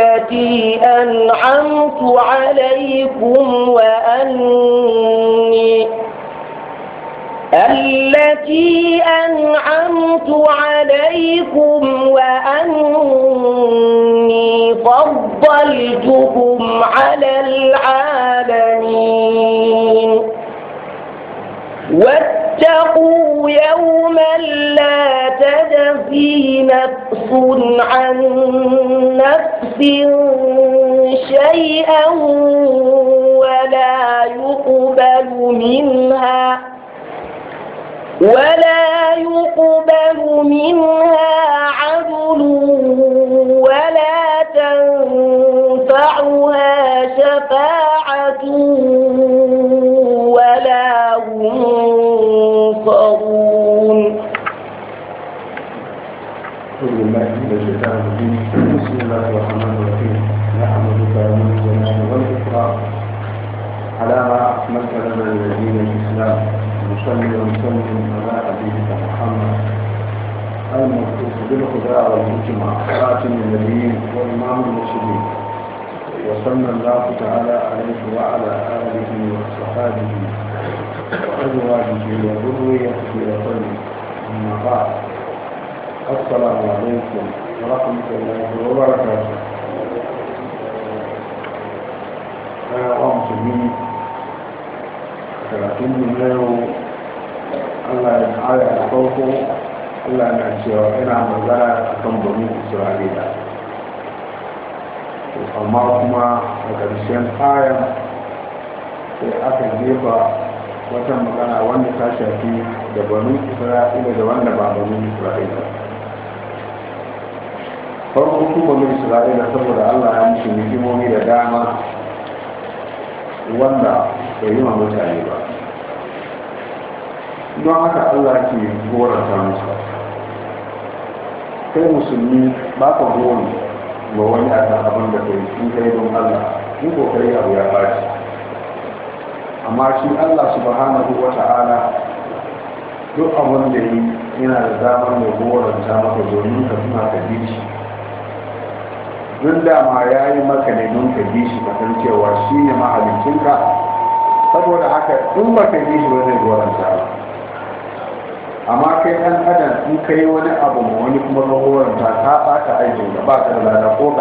التي أنعمت عليكم وأني التي أنعمت عليكم وأني فضلتكم على العالمين واتقوا يوما لا تجزي نفس عن نفس شيئا ولا يقبل منها ولا يقبل منها عدل ولا تنفعها شفاعة ولا هم بسم الله الرحمن الرحيم نحمدك من الجلال والإكرام على مسألة دين الإسلام نصلي ونسلم على حبيبك محمد المختص بالخداع والمجمع خاتم النبيين وإمام المرسلين وصلى الله تعالى عليه وعلى آله وصحابه وأزواجه وذريته وطنه أما بعد السلام عليكم ورحمة الله وبركاته أيها المسلمين karatunmu na yau Allah ya ƙara da farko Allah na cewa ina a kan domin Isra'ila amma kuma a ƙarshen kayan sai aka jefa wata magana wanda ta shafi da banin Isra'ila da wanda ba banin Isra'ila farko su banu isra'ila saboda allah ya musu hikimomi da dama wanda bai yi mutane ba don haka allah ke ta musu kai musulmi ba ka gori ga wani a kan abin da kai in kai don allah in kokari abu ya baci amma shi allah subhanahu wa ta'ala duk abin da yi yana da damar mai goranta maka domin ka tuna ka bi Dun dama ya yi maka ne don ka bi shi kasan cewa shi ne mahalicinka saboda haka in ba ka bi shi ba zai goranta ba amma kai ɗan adam in ka yi wani abu ma wani kuma ka goranta ta ɓata aikin da ba ta da lada ko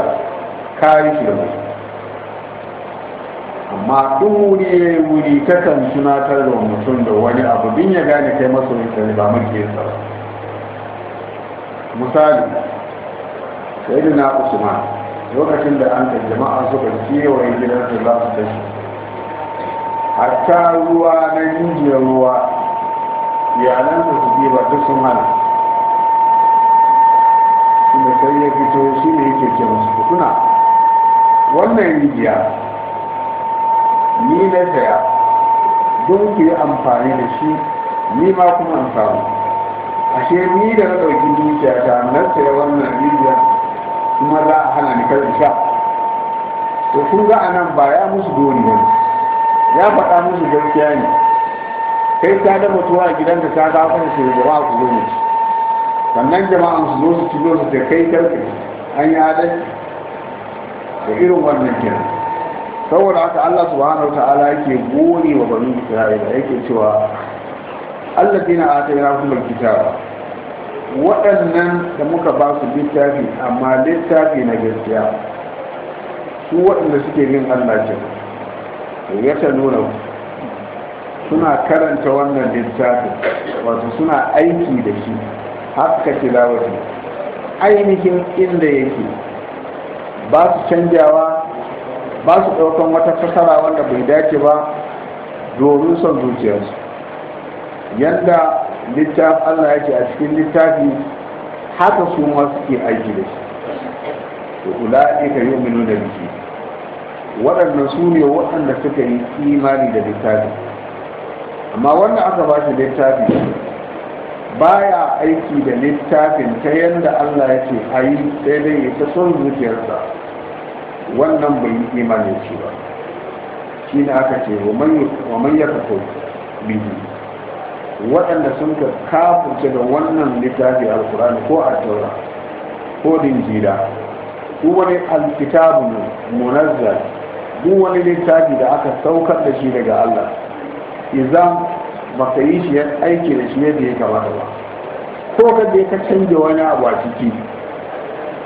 ka yi shi da amma duk wuri ya yi wuri kasan tunatar da mutum da wani abu bin ya gane kai masoyin ne ba kesa ba misali sai na usman lokacin da an kan jama'a suka kewaye su za su tashi hatta ruwa na injiyar ruwa iyalan su su ba duk sun hana inda sai ya fito shi ne yake ke musu kuna wannan rijiya ni na saya don ku yi amfani da shi ni ma kuma amfani ashe ni da na ɗauki dukiya ta na saya wannan rijiya kuma za a hana ni kar sha to kun ga anan ba ya musu doni ba ya faɗa musu gaskiya ne kai ta da mutuwa gidan da ta kawo kan shi ba ku zo sannan jama'a su zo su tuzo su kai karfe an yi adalci da irin wannan kenan saboda haka Allah subhanahu wa ta'ala yake wa bani Isra'ila yake cewa Allah dina a ta yi rafi kitaba waɗannan da muka ba su littafi amma littafi na gaskiya su waɗanda suke yin allah ce ya ta nuna suna karanta wannan littafi wato suna aiki da shi haka tilawati ainihin inda yake ba su canjawa ba su ɗaukan wata fasara wanda bai dace ba domin son zuciyarsu yadda littaf Allah ya ce a cikin littafi haka su ma suke aiki da shi to ula'ika yu'minu da biki waɗannan su ne waɗanda suka yi imani da littafi amma wanda aka ba shi littafi baya aiki da littafin ta yadda Allah ya ce a yi sai dai ya ta son zuciyarsa wannan bai yi imani shi ba shi ne aka ce wa man ya kafo bihi waɗanda sun ka kafurce ga wannan littafi alkurani ko a taura ko dinjira ko wani alkitabu munazzal ko wani littafi da aka saukar da shi daga Allah idan ka yi shi aiki da shi yadda ya kamata ba ko ka je ka canja wani abu a ciki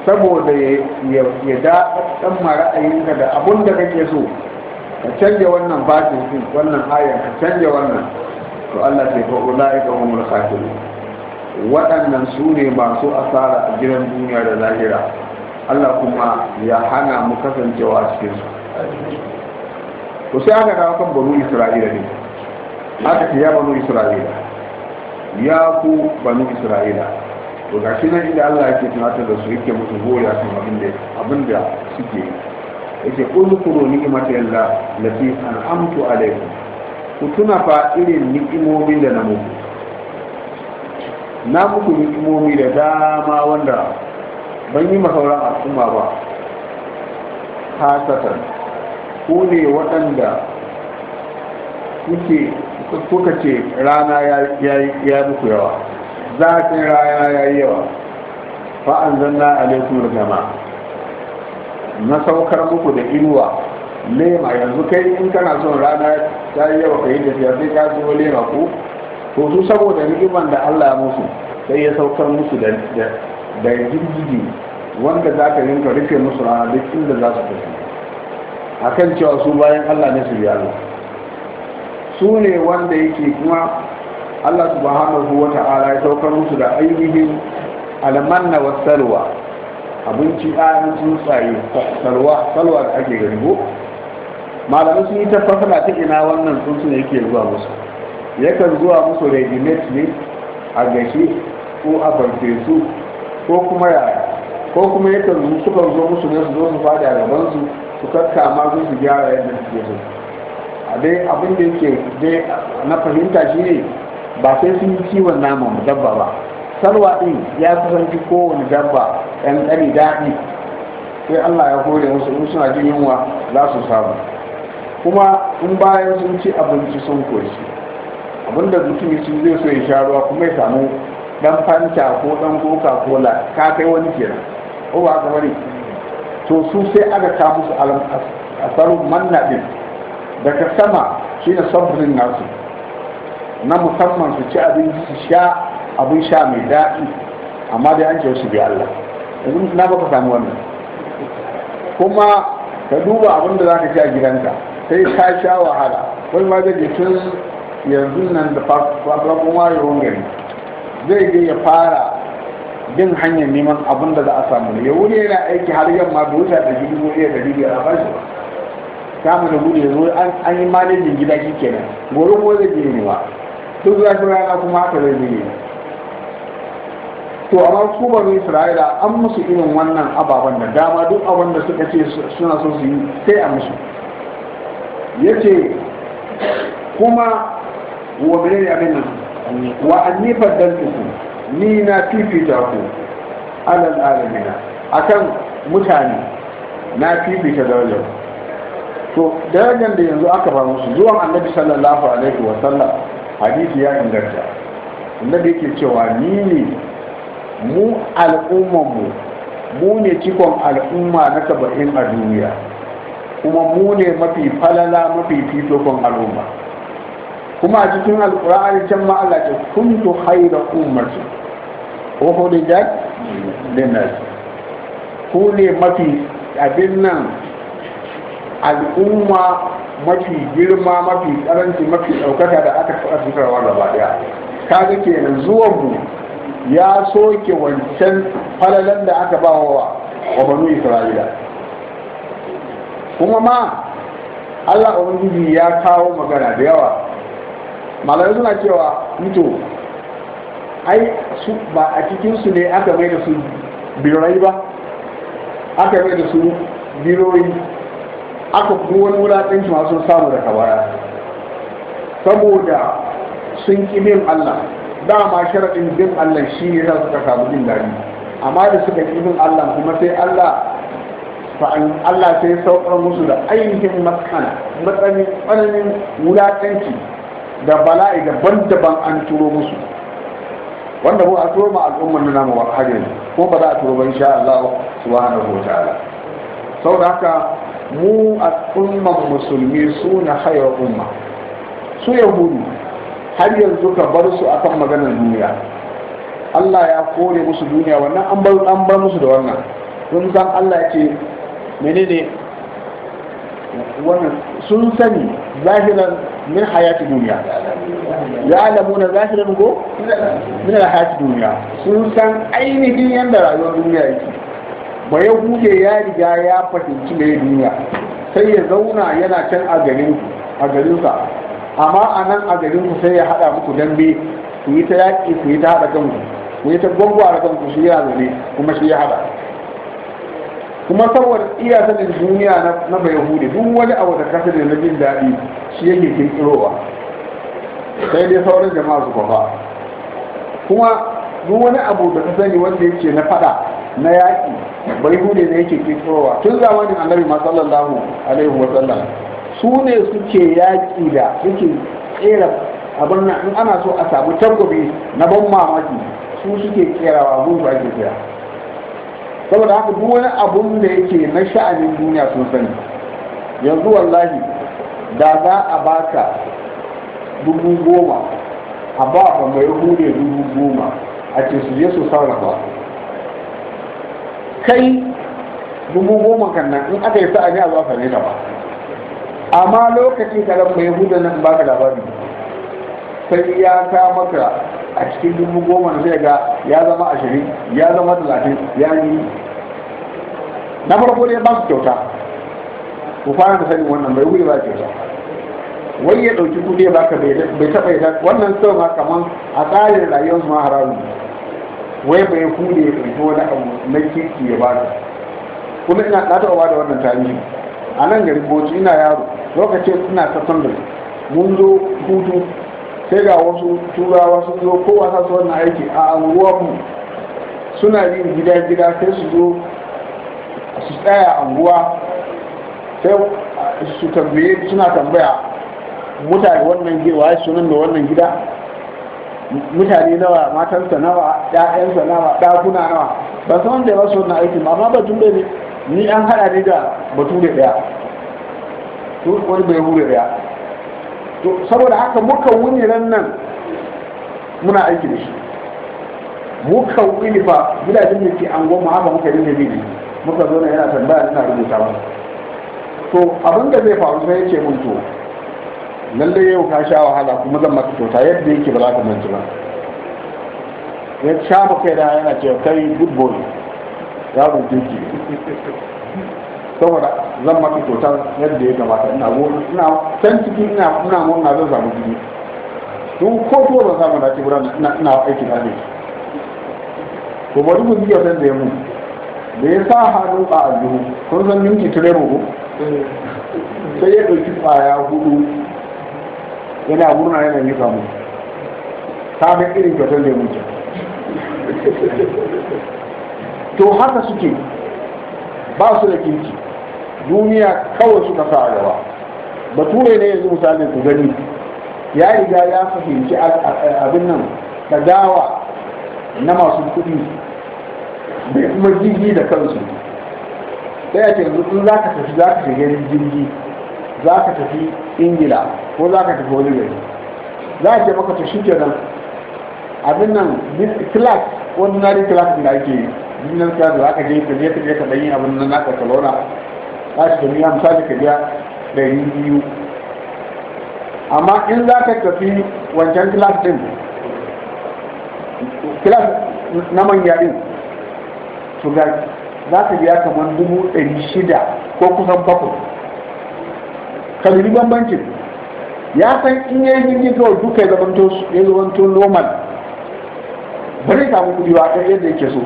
saboda ya daɗaɗɗan ma ra'ayinka da abin da kake so ka canja wannan batin wannan ayan ka canja wannan to Allah sai fa ulaika humul khasirun waɗannan su ne masu asara a gidan duniya da lahira Allah kuma ya hana mu kasancewa cikin su to sai aka dawo kan banu isra'ila ne aka ce ya banu isra'ila ya ku banu isra'ila to ga shi nan inda Allah yake tunatar da su yake musu goya su abinda abinda suke yi yake kullu kuro yalla lati amtu alaikum ku tuna fa irin ni'imomi da na muku na muku ni'imomi da dama wanda ban yi masauran al'umma ba hasatan ku ne waɗanda kuka ce rana ya muku yawa zafin rana ya yi yawa fa'an zanna a laifin jama'a na saukar muku da inuwa lema yanzu kai in kana son rana ta yi yawa ka yi tafiya sai ka zo wale ku to su saboda rigiman da Allah musu sai ya saukar musu da da jirgin wanda za ka rinka rufe musu rana duk inda za su tafi akan cewa su bayan Allah ne su bi su ne wanda yake kuma Allah subhanahu wa ta'ala ya saukar musu da ainihin almanna wa salwa abinci ainihin tsuntsaye salwa salwa da ake gani ko malamin sun yi ta fasala ta ina wannan tsuntsun yake zuwa musu yakan zuwa musu regimate ne a gashi ko a farfesu ko kuma yaya ko kuma yakan suka zo musu ne su zo su fada gaban su su ma su su gyara yadda ke so a dai abin da yake dai na fahimta shine ba sai sun yi kiwon naman dabba ba salwa din ya kusanci kowane dabba 'yan ɗari daɗi sai allah ya kore musu in suna jin yunwa za su samu kuma in bayan sun ci abinci sun koshi abinda mutum ya ci zai so ya sha ruwa kuma ya samu dan fanta ko dan coca cola ka kai wani kenan ko ba bari to su sai aka ta musu alam asaru manna din daga sama shine sabbin nasu na musamman su ci abinci su sha abin sha mai daɗi amma dai an ce su bi Allah yanzu na baka samu wannan kuma ka duba abin da ka ci a gidanka sai ka sha wahala wani ma da tun yanzu nan da farkon wayewar gari zai je ya fara bin hanyar neman abin da za a samu ya wuri yana aiki har yamma da wuta da jirgin wuri da jirgin a bashi ba samun da gudu yanzu an yi malin gida shi kenan gobe ko zai je ne ba duk za su rana kuma haka zai je To to amma su banu isra'ila an musu irin wannan ababen da dama duk abin da suka ce suna so su yi sai a musu ce, kuma wa menene abin nan wa anni faddaltuku ni na fifita ku alal alamina akan mutane na fifita darajar to darajar da yanzu aka ba musu zuwan annabi sallallahu alaihi wa sallam hadisi ya inganta annabi yake cewa ni ne mu al'umman mu mu ne cikon al'umma na saba'in a duniya kuma mu ne mafi falala mafi fitokon al'umma kuma a cikin alkur'ani can ma Allah ce kuntu khayra ummatin ukhrijat linnas ku ne mafi abin nan al'umma mafi girma mafi karanci mafi ɗaukaka da aka faɗa fitarwa gaba ɗaya kaga kenan zuwan mu ya soke wancan falalan da aka ba wa wa banu isra'ila kuma ma Allah Ubangiji ya kawo magana da yawa malamai suna cewa mito ai su ba a cikinsu ne aka mai da su birai ba aka mai da su biroyi aka kuma wani wulaɗinci masu samu da kawara saboda sun ƙi bin Allah dama sharaɗin bin Allah shi ne za su ka samu jin daɗi amma da suka ƙi bin Allah kuma sai Allah Allah sai saukar musu da ainihin maskana matsanin tsananin wulaƙanci da bala'i daban-daban an turo musu wanda ba a turo ma al'ummar nuna ma wakari ko ba za a turo ba sha Allah subhanahu ala sau da haka mu al'ummar musulmi su na hayar umma su yahudu har yanzu ka bar su akan maganar duniya Allah ya kore musu duniya wannan an bar musu da wannan sun san Allah ce menene sun sani zahiran min hayati duniya ya alamu na zahiran ko min hayati duniya sun san ainihin yadda rayuwar duniya yake ba ya hude ya riga ya fahimci mai duniya sai ya zauna yana can a garin a garinsa amma a nan a garin ku sai ya hada muku dambe ku yi ta yaƙi ku yi ta hada kanku ku yi ta gwangwa da kanku shi yana zaune kuma shi ya hada kuma saboda iya sanin duniya na bai hudu duk wani abu da kasa da jin daɗi shi yake tsirowa sai dai sauran jama'a su kwafa kuma duk wani abu da ka sani wanda yake na fada na yaƙi bai hudu ne yake ƙirƙirowa. tun zamanin annabi ma sallallahu alaihi su ne suke yaƙi da suke tsera abin nan in ana so a samu tabbabi na ban mamaki su suke kerawa wa ake kira saboda haka duk wani abun da yake na sha'anin duniya sun sani yanzu wallahi da za a baka dubu goma a ba ba mai hude dubu goma a ce su je su sarrafa kai dubu goma kan nan in aka yi sa'a ne a zuwa ne ta ba amma lokacin kalan mai hudu nan baka labari sai ya ka maka a cikin dubu goma na sai ga ya zama ashirin ya zama talatin ya yi na farko dai ba su kyauta ku fara da sanin wannan bai wuri ba kyauta wai ya ɗauki kuɗi ya baka bai taɓa ya wannan sau ma kamar a tsarin rayuwar ma haramu wai bai kuɗi ya ɗauki wani abu na kirki ya baka kuma ina na taɓa ba da wannan tarihi a nan gari boci ina yaro lokacin ina ta mun zo hutu sai ga wasu turawa wasu zo kowa sa su wannan aiki a anguwanmu suna yin gida-gida sai su zo su tsaya anguwa sai su tambaye suna tambaya mutane wannan gida sunan da wannan gida mutane nawa matansa nawa ƴaƴansa nawa ɗakuna nawa ba san wanda ya basu wannan aiki amma bature ni an haɗa ne da bature ɗaya wani bai hure ɗaya to saboda haka muka wuni nan muna aiki da shi muka wuni fa gidajen da ke angon mu haka muka dinga bibi. muka zo na yana tambaya ina rubuta ba to abin da zai faru sai ya ce mun to lallai yau ka sha wahala kuma zan maka kyauta yadda yake ba za ka manci ba ya sha kai da yana ce kai good boy ya rubuta ki saboda zan maka kyautar yadda ya gabata ina go ina can ciki ina ina na zan samu jini don ko to ban samu na ci wurin ina ina aiki da ne ko bari ku biya san da ya da ya sa hannu a aljihu kun san minti tare ruhu sai ya ɗauki ƙwaya hudu yana murna yana yi samu ta ga irin kyautar da ya to haka suke ba su da kirki duniya kawai suka sa a gaba bature ne yanzu misalin ku gani ya riga ya fahimci abin nan dawa na masu kuɗi da kuma jirgi da kansu sai a ce yanzu za ka tafi za ka shiga jirgi za ka tafi ingila ko za ka tafi wani gari za a ce maka ta shi kenan abin nan class ordinary class da ake yi business class da ka je ka je ka je ka ɗanyi abin nan na Barcelona? launa tashi da niyya misali ka biya ɗari biyu amma in za ka tafi wancan kilas ɗin kilas na manya ɗin to ga za ka biya kamar dubu ɗari shida ko kusan bakwai ka zuri bambancin ya san in ya yi jirgin kawai duka ya zamanto ya zamanto normal Bari samu kuɗi ba ɗaya yadda yake so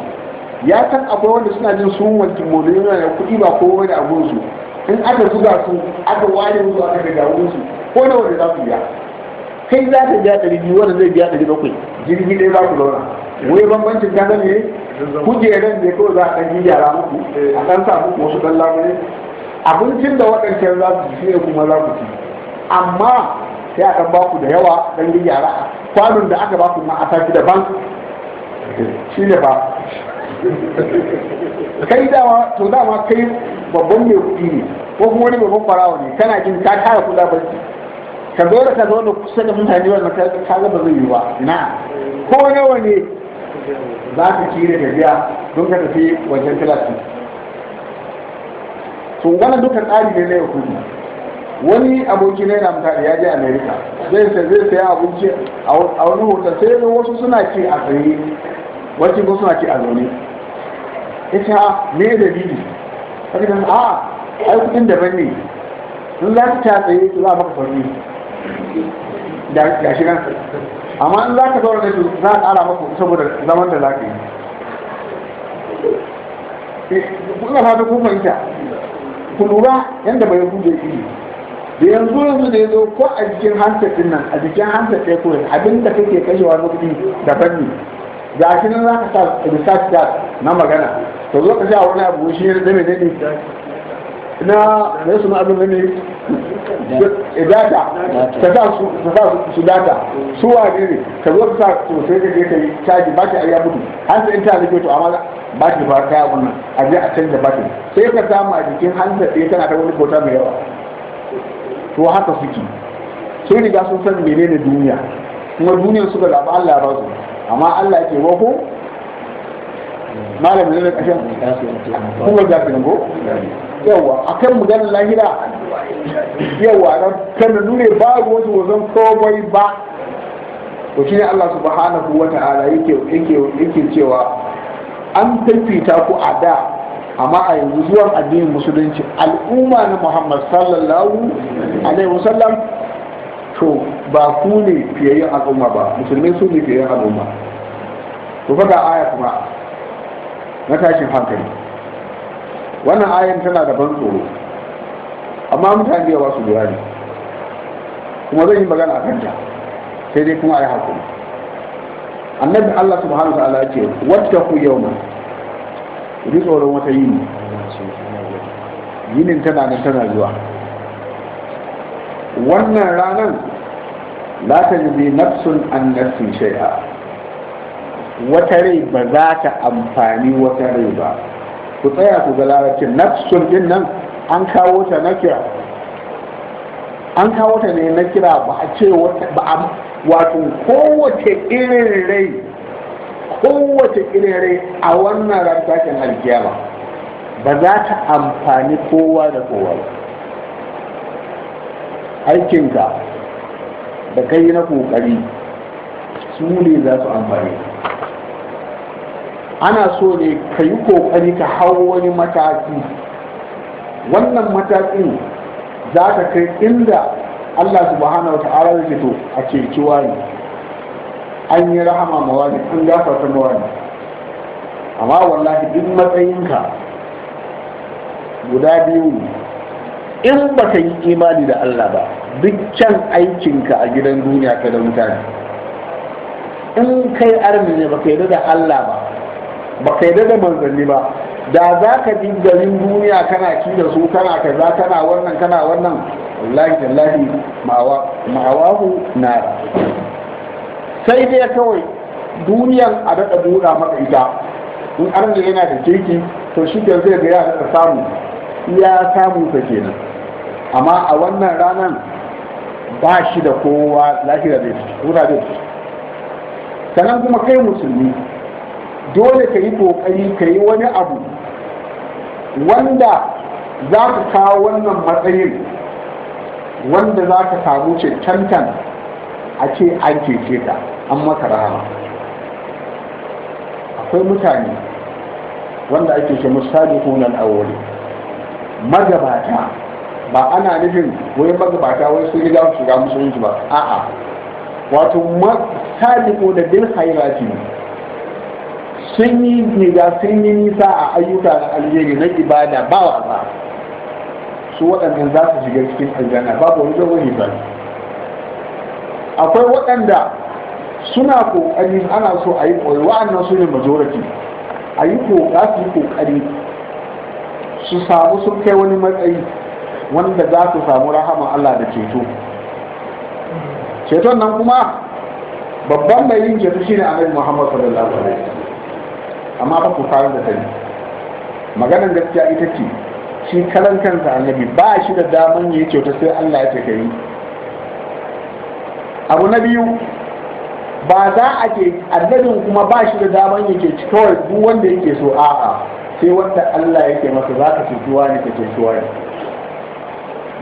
ya san akwai wanda suna jin sun wanke mole yana da kuɗi ba ko wani abin su in aka zuba su aka ware musu aka daga wurin su ko na wanda za su biya kai za ta biya ɗari biyu wanda zai biya ɗari bakwai jirgi ɗaya za ku zauna wai bambancin ka ne kujeran da kawai za a ɗan gyara muku a ɗan sa muku wasu ɗan labule abincin da waɗancan za su ci ne kuma za ku ci amma sai a ɗan baku da yawa ɗan gyara kwanon da aka baku ma a da daban shi ne ba kai dama to dama kai babban mai kuɗi ne ko kuma wani babban farawa ne kana jin ka tara kula barci ka zo da ka zo da kusa da mutane wannan ka ga ba zai yi ba na ko nawa ne za ka kire da biya don ka tafi wajen talatin to wannan duka tsari ne na yau kuɗi wani aboki na yana mutane ya je america zai sai zai saya abinci a wani hotel sai wasu suna ci a tsaye wasu suna ci a zaune ita ne da me dalili sai da a ah, ai kudin daban ne in za ka ta tsaye to za a maka sauki da shi kansa amma in za ka zaura da su za a ƙara maka saboda zaman da za ka yi eh, kuna fata kuma ita ku lura yadda bai hude shi da yanzu yanzu da ya zo ko a jikin handset din nan a jikin handset ɗaya kawai abin da kake kashewa na kuɗi daban ne ga shi nan za ka sa research na magana to zo ka sha wani abu shi ne ne ne na na suna abin ne eh, data ta sa su su data su wa ne ne ka zo ka sa to sai ka je ka yi caji ba ki a ya mutu an sai ta rike to amma ba ki ba kaya wannan a je a canza ba batin sai ka samu a jikin hansa ɗaya tana ta wani kota mai yawa to haka suke sun riga sun san menene duniya kuma duniyar suka zaɓi Allah ba su amma Allah ke wako malamin ne kashin kuma ga fi ko yawa akan kan maganar lahira yawa na kan nune ba wasu wasan komai ba to shine Allah subhanahu wa ta'ala yake yake yake cewa an fifita ku a da amma a yanzu zuwan addinin musulunci al'umma na Muhammad sallallahu alaihi wasallam to ba ku ne fiyayyen al'umma ba musulmai su ne fiyayyen al'umma to faga aya kuma na tashin hankali wannan ayan tana da ban tsoro amma mutane da yawa su lura ne kuma zan yi magana a kanta sai dai kuma a yi hakuri annabi allah subhanahu ta'ala ya ce wata ku yau ma ku tsoron wata yini yinin tana nan tana zuwa wannan ranar la ta jibi nafsun an nafsin shai'a wata rai ba za ta amfani wata rai ba ku tsaya ku ga larabcin nafsun din nan an kawo ta na kira an kawo ta ne na kira ba a ce ba a wato kowace irin rai kowace irin rai a wannan rantakin alkiyama ba za ta amfani kowa da kowa aikinka da kai na kokari su ne za su amfani ana so ne ka yi kokari ka hau wani mataki wannan matakin za ka kai inda allah subhanahu wa ta'ala ya to a ceci wani an yi rahama ma wani an gafarta ma amma wallahi duk matsayinka guda biyu in baka yi imani da Allah ba duk can aikinka a gidan duniya ka da mutane in kai armi ne baka yi da Allah ba ba ka da manzanni ba da za ka ji garin duniya kana ki da su kana kaza kana wannan kana wannan wallahi tallahi ma'awahu na sai dai kawai duniyar a daɗa buɗa maka ita in an yana da kirki to shi ke zai gaya ya samu ya samu ta kenan amma a wannan ranar ba shi da kowa lafiya zai ci kuma kai musulmi dole ka yi kokari ka yi wani abu wanda za ka kawo wannan matsayin wanda za ka samu ce cancan a ce an cece ka an maka rahama akwai mutane wanda ake ce misali hunan aure magabata ba ana nufin wai magabata wai sun su ga musulunci ba a'a wato sabiqu da bin khairati ne sun yi niga sun yi nisa a ayyuka na alheri na ibada ba ba su waɗanda za su shiga cikin aljanna babu wani ba akwai waɗanda suna kokari ana so a yi koyi wa'annan su ne majority a yi koka su yi kokari su samu sun kai wani matsayi wanda za su samu rahama Allah da ceto ceton nan kuma babban mai yin ceto shine annabi Muhammad sallallahu alaihi wasallam amma ba ku fara da sani maganar gaskiya ita ce shi kalan kansa annabi ba shi da daman ya kyauta sai Allah ya ce kai abu na biyu ba za a ke annabin kuma ba shi da daman yake kawai duk wanda yake so a'a sai wanda Allah yake masa za ka cutuwa ne ka cutuwa ne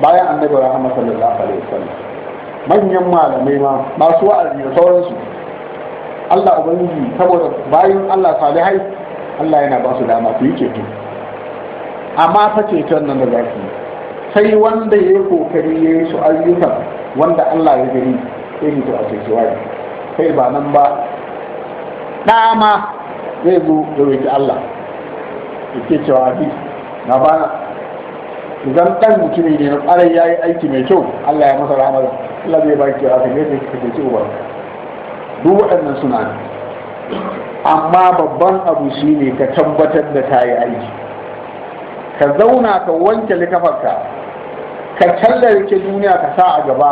bayan annabi rahama sallallahu alaihi wasallam manyan malamai ma masu wa'azi da sauransu Allah ubangiji saboda bayan Allah salihai Allah yana ba su dama su yi ceto amma fa ceton nan da zafi sai wanda ya yi kokari ya yi su ayyukan wanda Allah ya gani sai mutu a ceto wani Sai ba nan ba dama zai zo da roki Allah ya ke cewa abi na bana idan ɗan mutum ne na tsara ya yi aiki mai kyau Allah ya masa rahama Allah zai ba ki a kan yadda ke ce ba duk waɗannan suna nan amma babban abu shi ne ka tabbatar da ta yi aiki ka zauna ka wanke likafarka ka tallarke duniya ka sa a gaba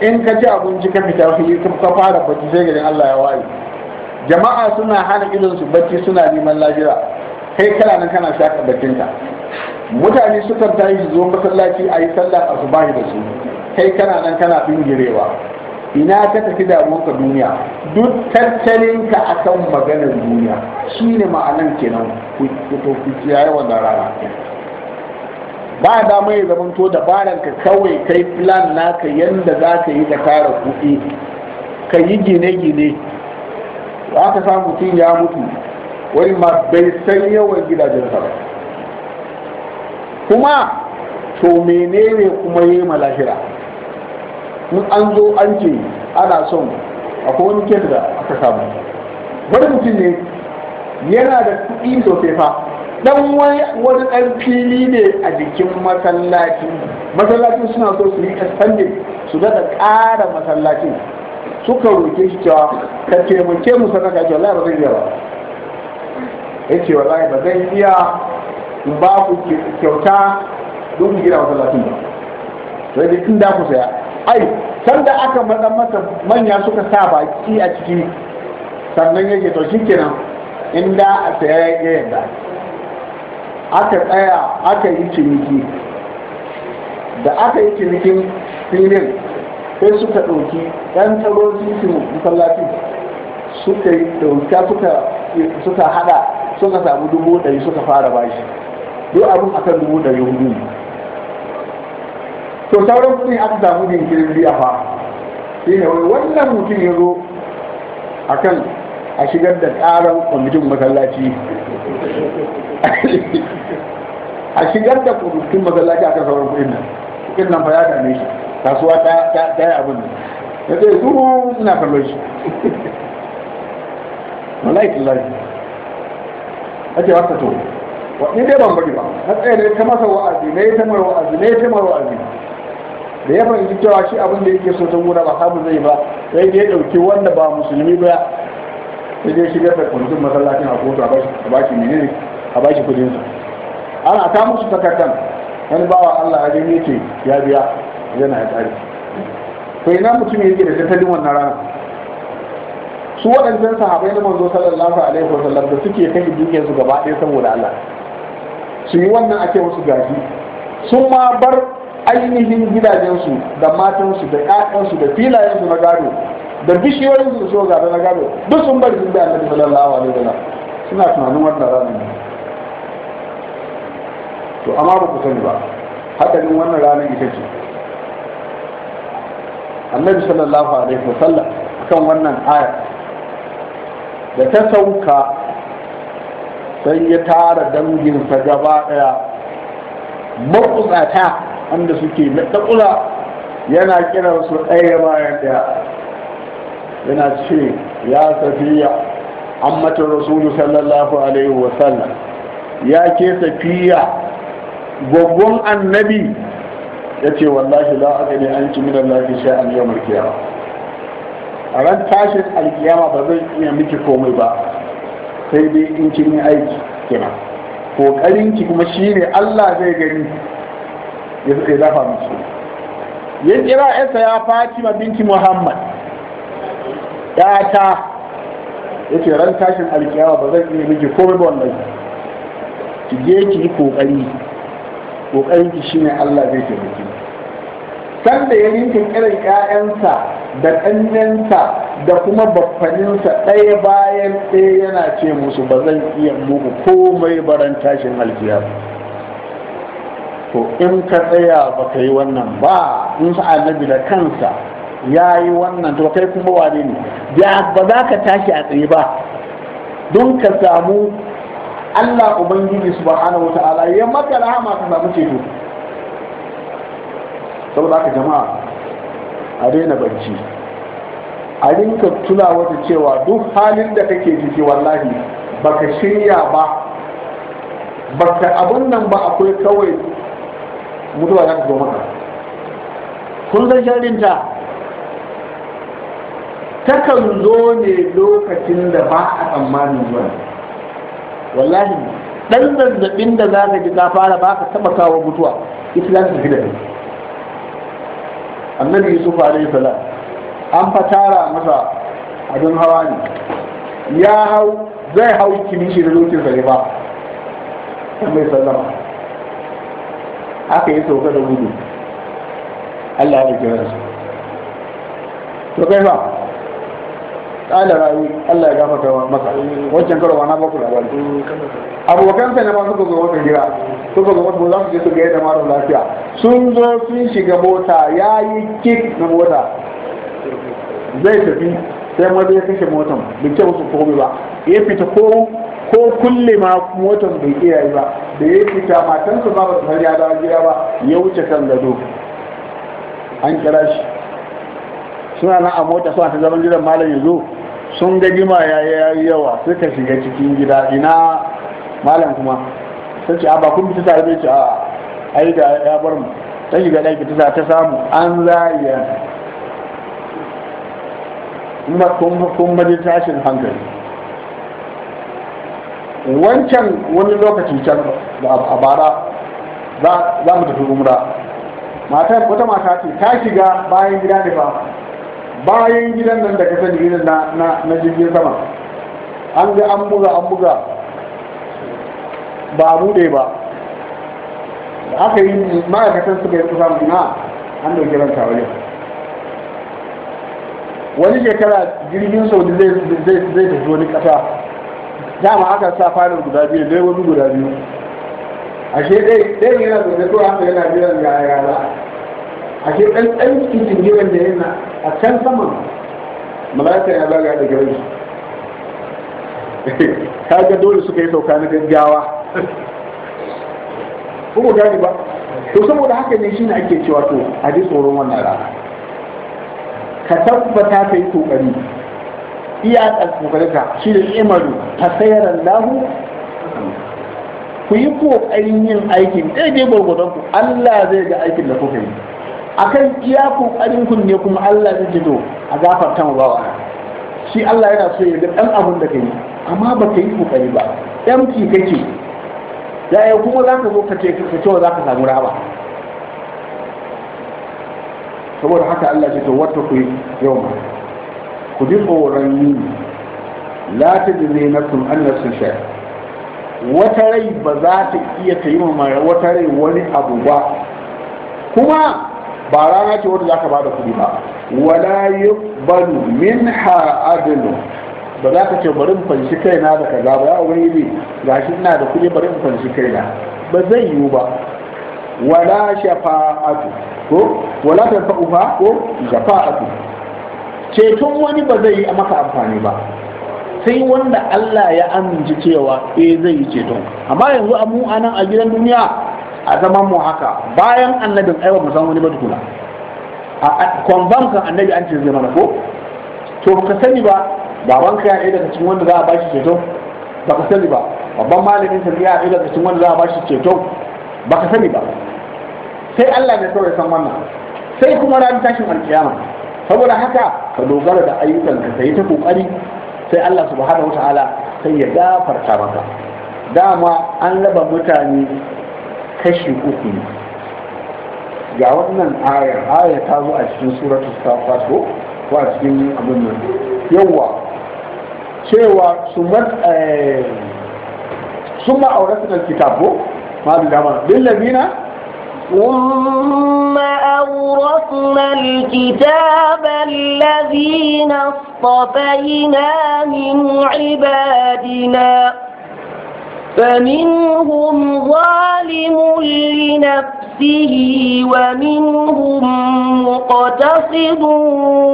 in ka ci abinci ka fita yi ka fara bacci sai gani Allah ya waye jama'a suna hana idon su bacci suna neman lafiya kai kana nan kana shaka bakinka mutane sukan tashi su zo masallaci a yi sallar asubahi da su kai kana nan kana bingirewa ina ka tafi ka duniya duk tattalin a kan maganar duniya shine ma'anan kenan ku to ku kiyaye wannan rana ba da mai zamanto dabaran ka kawai kai plan naka yadda za ka yi da kara kuɗi ka yi gine-gine za ka samu mutum ya mutu wani ma bai san yawan gidajen ba kuma to menene kuma yi malahira in an zo an ce ana son akwai wani kes da aka samu wani mutum ne yana da kuɗi sosai fa dan wani ɗan fili ne a jikin masallaci masallacin suna so su yi kasance su daga ƙara masallacin suka roke shi cewa ka taimake mu sadaka cewa lai ba zai iya ba ya ce wa ba zai iya in ba ku kyauta don ku gina masallacin ba Sai dai tun da ku saya ai sanda aka matsa masa manya suka sa baki a ciki sannan yake to shikenan kenan, inda a saya ya yarda aka tsaya aka yi ciniki da aka yi cinikin filin sai suka ɗauki ɗan tsaro cikin masallaci suka yi ɗauka suka hada suka samu dubu ɗari suka fara bashi duk abin akan dubu ɗari hudu sauran mutum aka samu jinkirin biya fa shi ne wai wannan mutum ya zo a kan a shigar da ƙaran kwamitin masallaci a shigar da kwamitin masallaci a kan sauran kuɗin nan kuɗin nan fa ya dame shi kasuwa ta yi abin nan ya ce zuru suna kallon shi malaikin lafi a ce wasa to ni dai ban bari ba na tsaye ne ta masa wa'azi na yi ta mara wa'azi na yi ta mara wa'azi da ya fahimci cewa shi abin da yake so ta gona ba hamu zai ba sai da ya ɗauki wanda ba musulmi ba sai dai shigar da kwamitin masallacin a kotu a bashi ne a bashi kudinsa ana ta musu takardar wani bawa Allah ya yake ya biya yana ya tsari to ina mutum yake da tattalin wannan rana su waɗancan sahabai na manzo sallallahu alaihi wasallam da suke kai dukiyarsu gaba ɗaya saboda Allah su yi wannan ake musu gashi sun ma bar ainihin gidajensu da matansu da ƴaƴansu da filayensu na gado da bishiyoyin da so da na gado duk sun bar jin da annabi sallallahu alaihi wasallam suna tunanin wannan ranar ne to amma ba ku sani ba hadarin wannan ranar ita ce annabi sallallahu alaihi wasallam kan wannan aya da ta sauka sai ya tara danginsa gaba daya makusata wanda suke na yana kiran su ɗaya bayan ɗaya yana ce ya safiya Ammatin rasulu sallallahu alaihi wasallam ya ke safiya gwaggon annabi ya ce wallahi za a gani an ci minan lafi sha an yamar kiyama a ran tashin alkiyama ba zai iya miki komai ba sai dai in kin yi aiki kina kokarin ki kuma ne Allah zai gani ya suka dafa musu ya kira yasa ya ma binti muhammad ya ta ya ce ran tashin alkiyawa ba zan iya miki komai ba wannan ki je ki yi kokari kokarin ki shine Allah zai taimake sanda ya ninka irin ƴaƴansa da ƙannensa da kuma baffaninsa ɗaya bayan ɗaya yana ce musu ba zan iya muku komai baran tashin alkiyawa to in ka tsaya ba ka yi wannan ba in sa annabi da kansa ya yi wannan to kai kuma wane ne ba za ka tashi a tsaye ba don ka samu Allah Ubangiji subhanahu wata'ala ya maka rahama ka samu ceto saboda haka jama'a a daina barci a ka tuna wata cewa duk halin da kake jiki wallahi baka shirya ba baka abun nan ba akwai kawai mutuwa za ka zo maka kun san takan zo ne lokacin da ba a tsammanin zuwa wallahi dan zazzabin da za ka ji ka fara ba ka taba kawo mutuwa islam su fi da annabi yusuf alaihi salam an fatara masa abin hawa ne ya hau zai hau kimishi da lokacin sa ne ba mai sallama haka ya sauka da gudu Allah ya kira su to kai fa kala rayu Allah ya gafarta masa wancan karo ba na ba ku labari abokan sai na ba suka zo wata jira suka zo wata za su je su ga yadda marar lafiya sun zo sun shiga mota ya yi kik na mota zai tafi sai maza ya kashe motan bai ce komi ba ya fita ko kulle ma motan bai iya yi ba da ya fita matansa ma ba su san ya dawo gida ba ya wuce kan gado an kira shi suna nan a mota suna ta zaman gidan malam ya zo sun ga jima ya yi yawa suka shiga cikin gida ina malam kuma sai ce a ba kun fita tare da ce a ai da ya bar mu ta shiga ɗaki ta ta samu an zariya kuma kun majin tashin hankali wancan wani lokaci can a bara za mu tafi umra matar wata mata ce ta shiga bayan gida ne ba bayan gidan nan da kasar jirgin na na jirgin sama an ga an buga an buga ba a bude ba da aka yi ma'aikatan suka yi kusa mutuna an dauki ranta kawai wani shekara jirgin saudi zai tafi wani kasa dama aka sa falon guda biyu dai wani guda biyu ashe dai dai yana da zuwa haka yana biyan ga yara ashe ɗan ɗan cikin gidan da yana a can sama malaka ya zaga da gari kaga dole suka yi sauka na gaggawa kuma gani ba to saboda haka ne shine ake cewa to a ji tsoron wannan rana ka tabbata ka yi kokari iya tsakukarka shi da imaru ta sayar lahu ku yi ƙoƙarin yin aikin daidai ne ku Allah zai ga aikin da kuka yi akan iya ƙoƙarin ku ne kuma Allah zai ji to a gafarta mu bawa shi Allah yana so ya ga ɗan abin da ka yi amma ba ka yi ƙoƙari ba ɗanki kake yaya kuma za ka zo ka ce ka cewa za ka samu raba saboda haka Allah ce to wata ku yi yau ma ku ji tsoron ne la ta jire na sun an sun sha wata rai ba za ta iya ta yi mara wata rai wani abu ba kuma ba rana ce wanda za ka bada kuɗi ba wala min minha adlu ba za ka ce bari in fanshi kaina da kaza ba ya ga shi ina da kuɗi bari in fanshi kaina ba zai yiwu ba wala shafa'atu ko wala ko shafa'atu ceton wani ba zai yi a maka amfani ba sai wanda Allah ya amince cewa e zai yi ceton amma yanzu a mu anan a gidan duniya a zaman mu haka bayan annabin aiwa mu san wani ba tukuna a kwamban kan annabi an ce zai mana ko to ka sani ba baban ka ya daga cikin wanda za a bashi ceton ba ka sani ba babban malamin sa ya daga cikin wanda za a bashi ceton ba ka sani ba sai Allah ne kawai san wannan sai kuma ranar tashin alkiyama saboda haka ka dogara da ayyukan ka sai ta kokari sai Allah subhanahu wataala sai ya gafarta maka dama an raba mutane kashi uku ga wannan aya aya ta zo a cikin suratul safat ko a cikin abin nan yawa cewa su mat eh, sun ma'auratu da kitabo ma da dama ثم أورثنا الكتاب الذين اصطفينا من عبادنا فمنهم ظالم لنفسه ومنهم مقتصد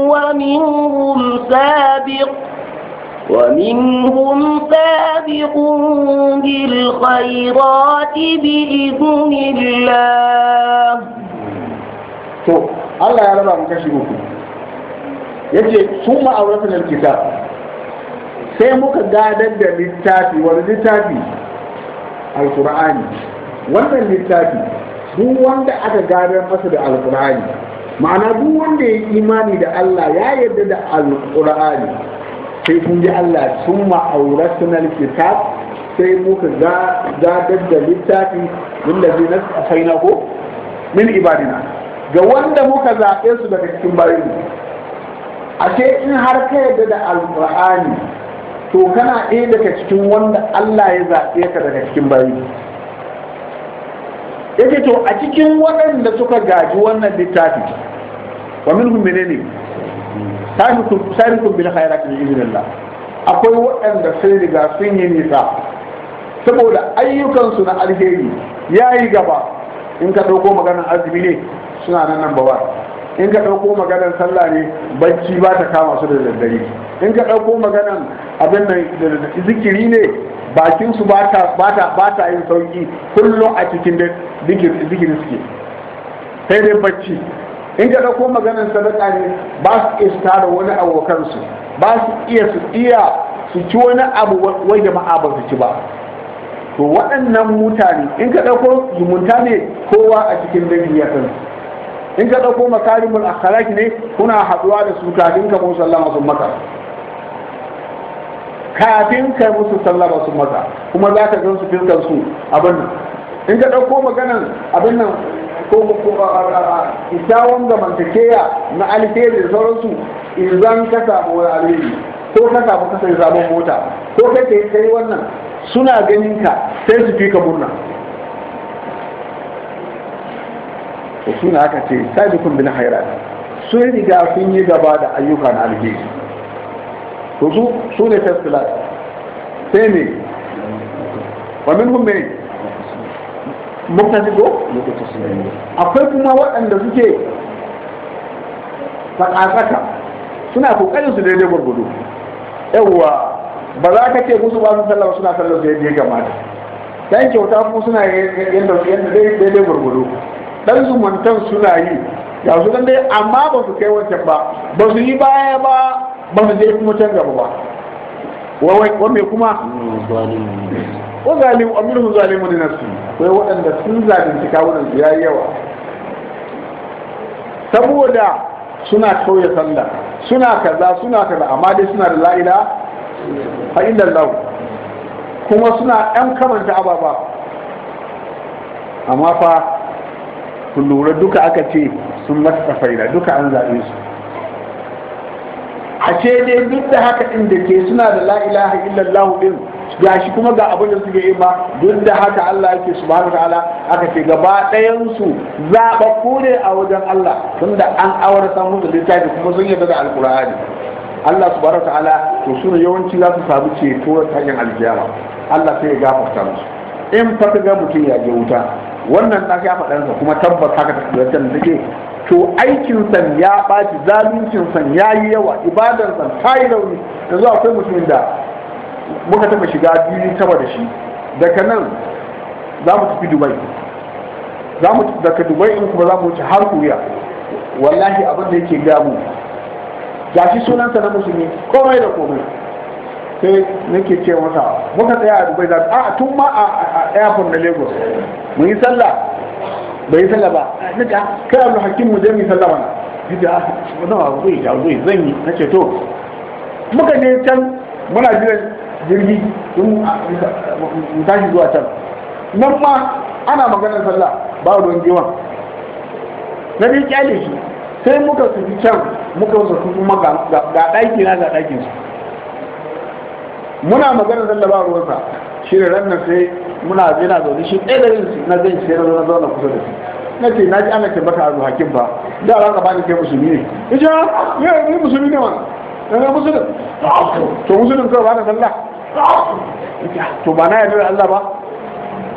ومنهم سابق ومنهم سابق بالخيرات بإذن الله to Allah ya raba mu kashi uku yace sun ma'auratan alkitab sai muka gadar da littafi wani littafi alqur'ani wannan littafi duk wanda aka gadar masa da alqur'ani ma'ana duk wanda ya imani da Allah ya yarda da alqur'ani sai kun ji Allah sun ma'auratunan kitab sai muka gadar da littafi min da zina faina ko min ibadina ga wanda muka zaɓe su daga cikin bayan ce in har ka yadda da alƙur'ani to kana ɗaya daga cikin wanda Allah ya zaɓe ka daga cikin bayan yake to a cikin waɗanda suka gaji wannan littafi wa min minhum menene sarikun bil khairat bi idnillah akwai waɗanda sai riga sun yi nisa saboda ayyukansu na alheri ya yi gaba in ka ɗauko maganar azumi ne suna nan nan bawa in ka ɗauko maganar sallah ne bacci ba ta kama su da daddare in ka ɗauko maganar abin nan zikiri ne bakin ba ta yin sauƙi kullum a cikin zikiri suke sai dai bacci in ka ɗauko maganar sadaka ne ba su iya su tara wani abokansu ba su iya su iya su ci wani abu wai jama'a ba su ci ba to waɗannan mutane in ka ɗauko zumunta ne kowa a cikin dangi ya san in ka ɗauko makarimul akhlaq ne kuna haɗuwa da su kafin ka musu sallama sun maka kafin ka musu sallama sun maka kuma za ka gan su fiskan su abin in ka ɗauko maganar abin nan ko kyawun zamantakeya na alheri da sauransu idan ka samu wani alheri ko ka samu kasar zaben mota ko kai yi kai wannan suna ganin ka sai su fi ka murna to suna aka ce sabiqun haira khairat Su riga sun yi gaba da ayyuka na alheri to su su ne first class sai ne wa minhum mai muktasi akwai kuma waɗanda suke tsaka suna kokarin su daidai gurgudu yawwa ba za ka ce musu ba su sallah suna sallar su yadda ya kamata dan kyauta kuma suna yadda yadda daidai gurgudu dan zumuntan suna yi ga su dan dai amma ba su kai wancan ba ba su yi baya ba ba su je kuma can gaba ba wai wai kuma hmm, ko zalim aminu zalimun li nafsi kai waɗanda sun zalunci kawunan su yayi yawa saboda suna kauye sanda, suna kaza suna kaza amma dai suna da la'ila fa kuma suna ɗan kamanta ababa amma fa ku lura duka aka ce sun matsa faida duka an zaɓe su a ce dai duk da haka inda ke suna da la'ilaha illallahu ɗin. gashi kuma ga abin da suke yi ba duk da haka Allah yake subhanahu ta'ala aka ce gaba ɗayan su zaɓa kure a wajen Allah tunda an mun da littafi kuma sun yarda da alkur'ani Allah subhanahu ta'ala to su ne yawanci za su samu ceto ta hanyar aljiyama Allah sai ya gafarta musu in fa ga mutum ya je wuta wannan ɗan ya sa kuma tabbas haka ta take to aikin san ya ɓaci zaluncin san ya yi yawa ibadar san ta yi rauni yanzu akwai mutumin da muka taɓa shiga jirgin sama da shi daga nan za mu tafi dubai za mu daga dubai in kuma za mu wuce har kuriya wallahi abin da yake gamu ga shi sunansa na musulmi komai da komai sai nake ce masa muka tsaya a dubai za a tun ma a airport na lagos mu yi sallah bai yi sallah ba nika ah, kai abu hakim mu je mu yi sallah mana jida zan zai zan yi na ce to muka ne can muna jiran jirgi sun tashi zuwa can nan ma ana maganar sallah ba ruwan giwa na bi kyale shi sai muka tafi can muka wasa kuma ga ɗaki na ga ɗakin su muna maganar sallah ba ruwansa shi da ranar sai muna zina zaune shi ɗaya da rinsu na zai shi na zaune kusa da shi na ce na ji ana ce baka azu hakim ba da ran ka bani kai musulmi ne ita ya yi ah, musulmi ne wannan dan musulmi to musulmi kawai ba da sallah to ba na yadda Allah ba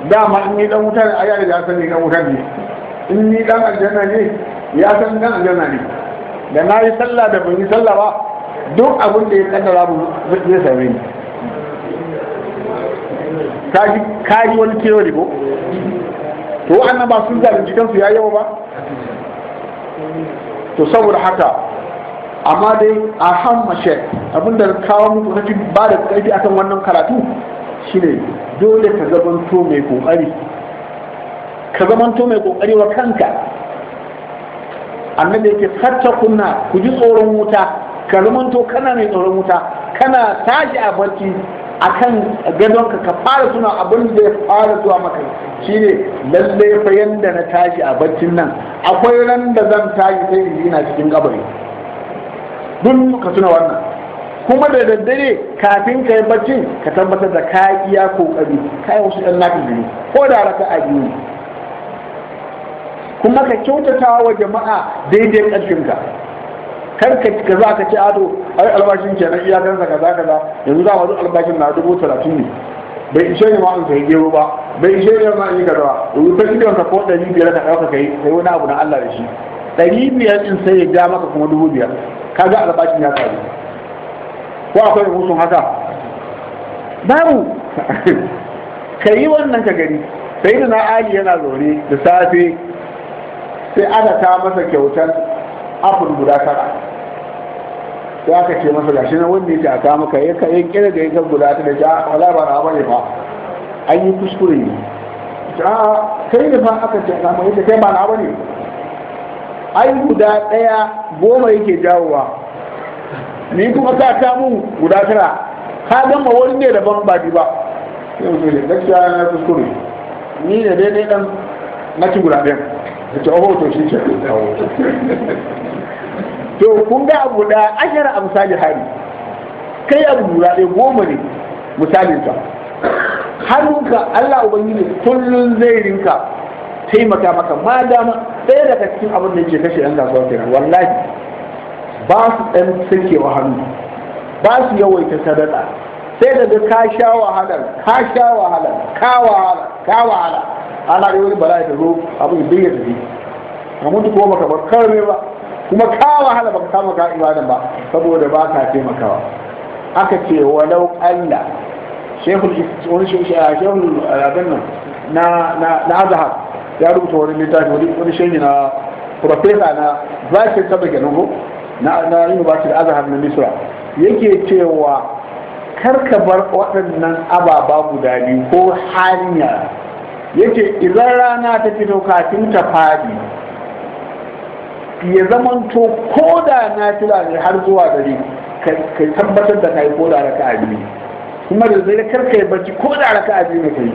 dama in ni dan wuta ne yadda ya san ni dan wuta ne in ni dan aljanna ne ya san dan aljanna ne da na yi sallah da ban yi sallah ba duk abin da ya kaddara mu zai same ni kaji kaji wani ne ko to annan ba sun zalunci kansu ya yawa ba to saboda haka amma dai a hammashe abinda kawo muku kafi ba da ƙarfi akan wannan karatu shine dole ka zamanto mai kokari ka zamanto mai kokari wa kanka annabi yake hatta kunna ku ji tsoron wuta ka zamanto kana mai tsoron wuta kana tashi a barci a kan gadonka ka fara suna abin da ya fara zuwa maka shine lallai fa yanda na tashi a barcin nan akwai ran da zan tashi sai ina cikin kabari duk ka tuna wannan kuma da daddare kafin ka yi bacci ka tabbatar da ka iya kokari ka yi wasu ɗan nafi ko da raka a biyu kuma ka kyautata wa jama'a daidai ƙarfinka kar ka ka za ka ci ado ai albashin ke ka za kaza kaza yanzu za mu zo albashin na dubu talatin ne bai ishe ne ma in yi gero ba bai ishe ne ma in yi kaza ba ta shi ka ko ɗari biyar ka ɗauka kai yi wani abu na Allah da shi ɗari biyar in sai ya ja maka kuma dubu biyar kaga albashin ya tsari ko akwai rahoton haka babu ka yi wannan ka gani sai da na ali yana zaune da safe sai aka ta masa kyautar afin guda tara sai aka ce masa gashi na wanda ce a ta maka ya kayan kira da ya guda ta da ja wala ba na bane ba an yi kuskure ne a ah, kai da fa aka ce a samu yadda kai ba na bane ai guda ɗaya goma yake jawowa ni kuma ka ta mun guda tara ka gama wani ne daban ba ba yau so ne gaskiya na kuskure ni ne dai dan na ci guda ɗaya da ta hoto shi ce to kun ga abu da ashara a misali hari kai abu guda ɗaya goma ne misalinsa hannunka Allah Ubangiji kullum zai rinka taimaka maka ma dama ɗaya daga cikin abin da yake kashe ɗan kasuwa kenan wallahi ba su ɗan wa hannu ba su yawaita sadaka sai da ka sha wahalar ka sha wahalar ka wahala ka wahala ana da wani bala'i ta zo abu da ya tafi ka mutu ko baka bar karme ba kuma ka wahala baka kama ka ibadan ba saboda ba ka taimakawa aka ce walau Allah shehu shehu abin nan na na na azhar ya rubuta wani littafi wani wani shehi na profesa na zakir saba na na university azhar na misra yake cewa kar ka bar waɗannan ababa guda biyu ko hanya yake idan rana ta fito kafin ta fadi ya zamanto ko da na fila har zuwa gari ka tabbatar da kai ko da raka biyu kuma da zai karka yi bacci ko da raka biyu ne kai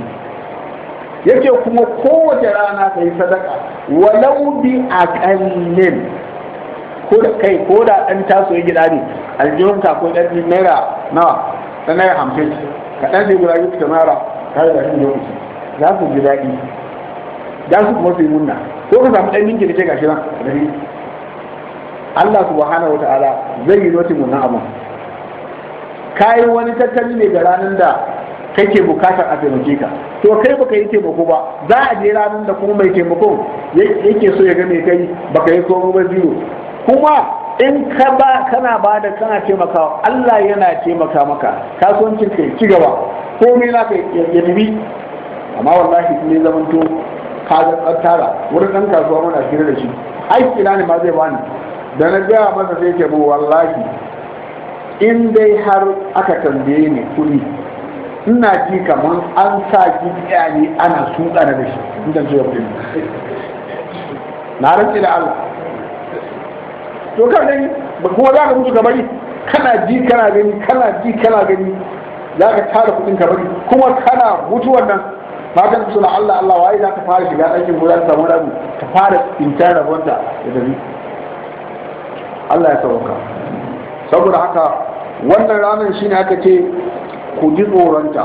yake kuma kowace rana ka yi sadaka walau bi a ƙannin ko da kai ko da ɗan taso ya gida ne aljihun ka ko ɗan naira nawa ɗan naira hamsin ka ɗan ne guda yau mara. Ta yi ɗan yau za su ji daɗi za su kuma su yi munna ko ka samu ɗan ninki da ke gashi nan Allah subhanahu wa ta'ala zai yi lokacin munna abun kayi wani tattali ne ga ranar da kake bukatar a taimake ka to kai baka yi taimako ba za a je ranar da kuma mai taimako yake so ya ga mai kai baka yi komo ba zero kuma in ka ba kana ba da kana taimakawa Allah yana taimaka maka kasuwancin kai ci gaba komai na ka ya tafi amma wallahi ne zamanto ka ga tsara wurin ɗan kasuwa muna hira da shi aiki na ne ma zai bani da na gaya masa sai ke bu wallahi in dai har aka tambaye ni kuɗi ina ji kamar an sa gidiya ne ana suka da shi inda zo ya na rantsi da Allah to kan gani ba kuma za ka mutu ka bari kana ji kana gani kana ji kana gani za ka tara kudin ka bari kuma kana wannan nan ka mutu na Allah Allah wai za ka fara shiga ɗakin ko za ka samu rabu ka fara tsintar rabon da ya dabi Allah ya sauka saboda haka wannan ranar shi ne aka ce ku ji tsoronta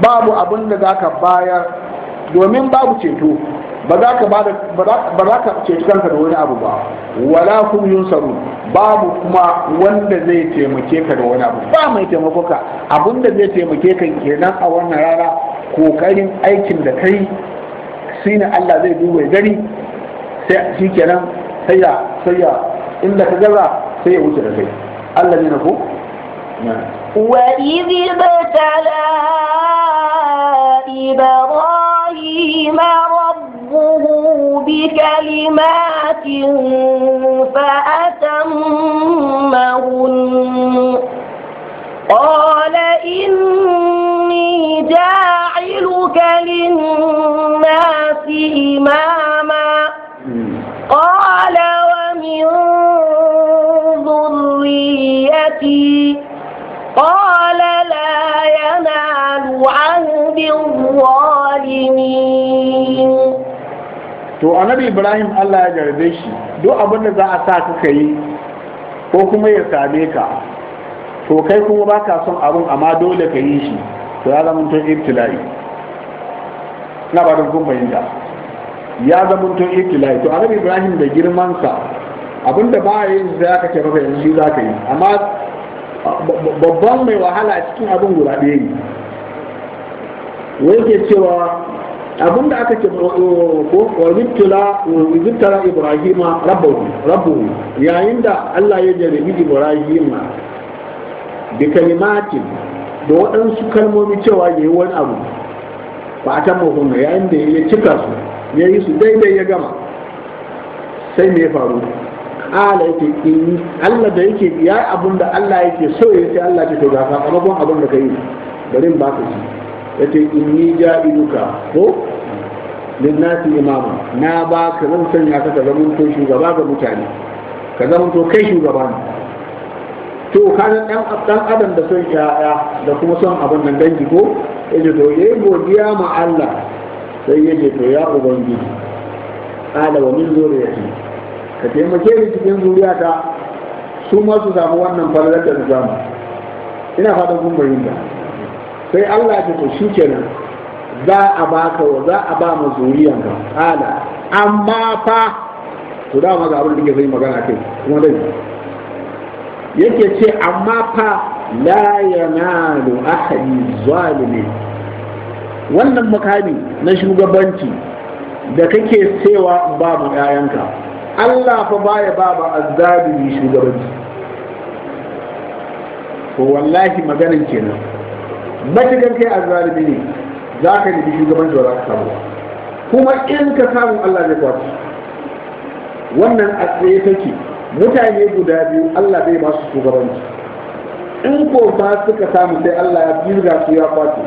babu abin da za ka bayar domin babu ceto ba za ka ceto kanka da wani abu ba wala hum yunsaru babu kuma wanda zai taimake ka da wani abu ba mai taimako ka abin da zai taimake ka kenan a wannan rana kokarin aikin da kai sina Allah zai duba ya gari, sai shi kenan sai ya sai ya inda ka gaza sai ya wuce da kai Allah ne na ko وإذ ابتلى إبراهيم ربه بكلمات فأتمهن قال إني جاعلك للناس إماما قال ومن ذريتي قال لا ينال عهد الظالمين to annabi ibrahim allah ya jarabe shi duk abin da za a sa ka yi ko kuma ya same ka to kai kuma ba ka son abin amma dole ka yi shi to ya zama to ibtila'i na ba da kun fahimta ya zama to ibtila'i to annabi ibrahim da girmansa abin da ba yin da ka ce maka yanzu za ka yi amma babban mai wahala cikin abin guda ɗaya ne wai cewa abin da aka ce ko oh, oh, oh, wazittara ibrahima rabbahu yayin da Allah ya jarabi ibrahima bi kalimatin da waɗansu kalmomi cewa ya yi wani abu ba a tamma hunna yayin da ya cika su ya yi su daidai ya gama sai me ya faru ta'ala yake kini Allah da yake ya abin da Allah yake so ya ce Allah ce to ga sakamakon abin da kai bari in baka shi ce inni ja'iluka ko linnati imama na ka zan sanya ka zaman to shugaba ga mutane ka zaman to kai shugaba ne to ga dan dan adam da son yaya da kuma son abin nan dangi ko yaje to yayi godiya ma Allah sai yaje to ya ubangiji qala wa min zuriyati ka taimake ni cikin zuriyata su ma su samu wannan falalar da su samu ina fatan kun fahimta sai Allah ya to shi kenan za a baka wa za a ba mu zuriyan ala amma fa to da ma ga abin da yake sai magana kai kuma dai yake ce amma fa la yanalu ahadi zalimi wannan makami na shugabanci da kake cewa babu 'ya'yanka Allah fa baya ba ba azzalimi shugabanci to wallahi maganan kenan matukan kai azzalimi ne za ka nufi shugabanci ba za ka samu kuma in ka samu Allah zai kwaci wannan a tsaye take mutane guda biyu Allah zai ba su shugabanci in ko ba suka samu sai Allah ya birga su ya kwaci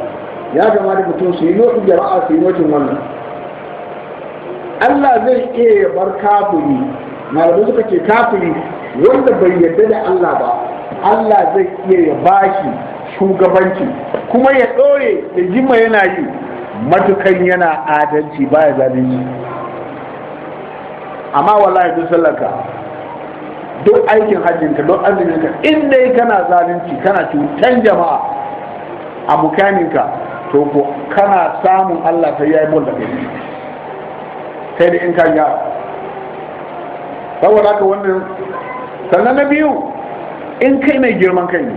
ya gama da mutum su yi nufin jama'a su yi nufin wannan Allah zai iya ya bar kafiri da suka ce kafiri wanda bai yarda da Allah ba Allah zai iya ya bashi shugabanci kuma ya ɗore da jima yana yi matukan yana adalci baya zalunci amma wallahi duk sallarka duk aikin hajjinka duk azuminka in dai kana zalunci kana cutan jama'a a mukaminka to ko kana samun Allah sai ya yi da sai da in ka saboda haka wannan sannan na biyu in kai mai girman kai ne